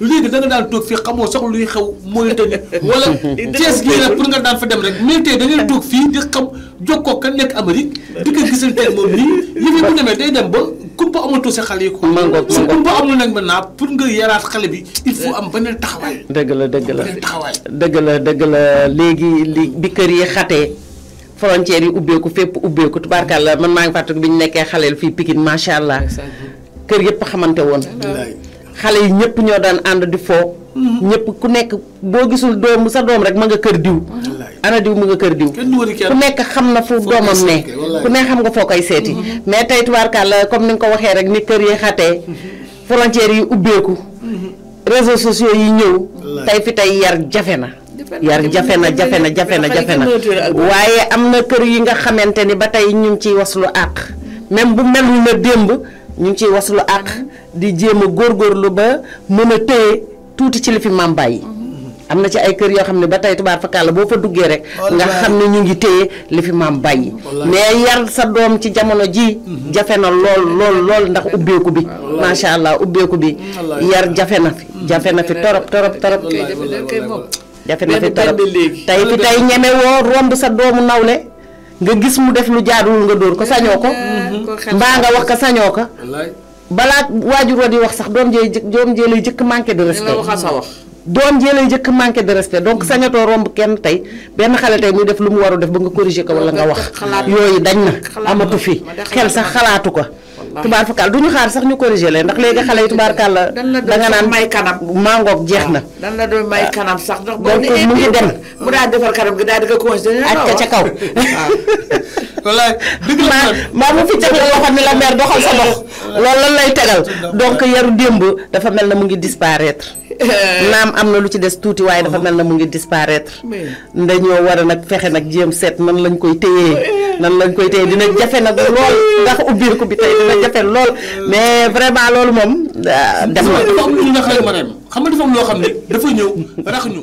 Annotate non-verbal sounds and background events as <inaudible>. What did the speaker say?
léegi da nga daan toog fii xamoo sax luy xew Mauritanie wala Thiès gi la pour nga daan fa dem rek mais da ngay toog fii di xam jokkoo kan nekk Amérique di ko gisante moom nii yëf bu demee day dem ba kumpa amatoo sa xale yi ko su kumpa amul nag maintenant pour nga yaraat xale bi il faut am beneen taxawaay dëgg la dëgg la taxawaay dëgg la dëgg la léegi li bi kër yi xatee frontières yi ubbeeku fépp ubbeeku tubaarkàlla man maa ngi fàttali bi ñu nekkee xaleel fii Pikine macha allah kër yëpp xamante xale yi ñëpp ñoo daan ànd di foo mhm. ñëpp ku nekk boo gisul doom sa doom rek ma nga kër diw ana diw mu nga kër diw ku nekk xam na fu doomam ne ku ne xam nga foo koy seeti mhm. mais tey tubaarkàlla comme ni nga ko waxee rek ni kër yi xatee mhm. frontières yi ubbeeku réseaux sociaux yi ñëw tey fi tey yar jafe na yar jafe na jafe na jafe na jafe na waaye am na kër yi nga xamante ni ba tey ñu ngi ciy lu àq même bu mel na démb ñu ngi was waslu àq di jéem a góorgóorlu ba mën a téye tuuti ci li fi maam mm-hmm. bàyyi. am na ci ay kër yoo xam ne ba tey tubaab fakkaala boo fa duggee rek nga xam ne ñu ngi téye li fi maam bàyyi mais yar sa doom ci jamono ji mm-hmm. jafe na lool lool lool ndax ubbeeku bi macha allah ubbeeku bi yar jafe na fi mm-hmm. jafe na fi torop torop torop jafe na fi torop tey fi tey ñeme woo romb sa doomu nawle nga gis mu def lu jaaduwul nga dóor ko sañoo ko. Mm-hmm. mbaa nga wax ko sañoo ko. balaat waajur wa di wax sax doom jee doom jee lay jëkk manqué de respect. doom jee lay jëkk manqué de respect donc sañatoo romb kenn tey benn xale tey muy def lu mu waru def ba nga corriger ko wala nga wax. yooyu dañ na amatu fi xel sax xalaatu ko. tubaar fakal kàll du ñu xaar sax ñu corriger leen ndax léegi xale yi tubaar kàll la da nga naan may kanam mangoog jeex na dan la doon may ah. kanam sax donc mu ngi eh, dem mu daal defar kanam gi daal di ko conseillé ak ca ca kaw <laughs> wallaay dëgg la <laughs> maa mu fi teg la loxo ni la mère doxal sa dox loolu lan lay tegal donc yaru démb dafa mel mu ngi disparaître <laughs> naam am na lu ci des tuuti waaye dafa ah. mel mu ngi disparaître dañoo war a nag fexe nag jéem seet lañ koy téyee nan lañ koy tey dina jafe nag lool ndax ubbiir ko bi tey dina jafe lool mais vraiment loolu moom ah, def na. dafa am lu ñu naqaree ma dem xam nga dafa am loo xam ne dafa ñëw rax ñu.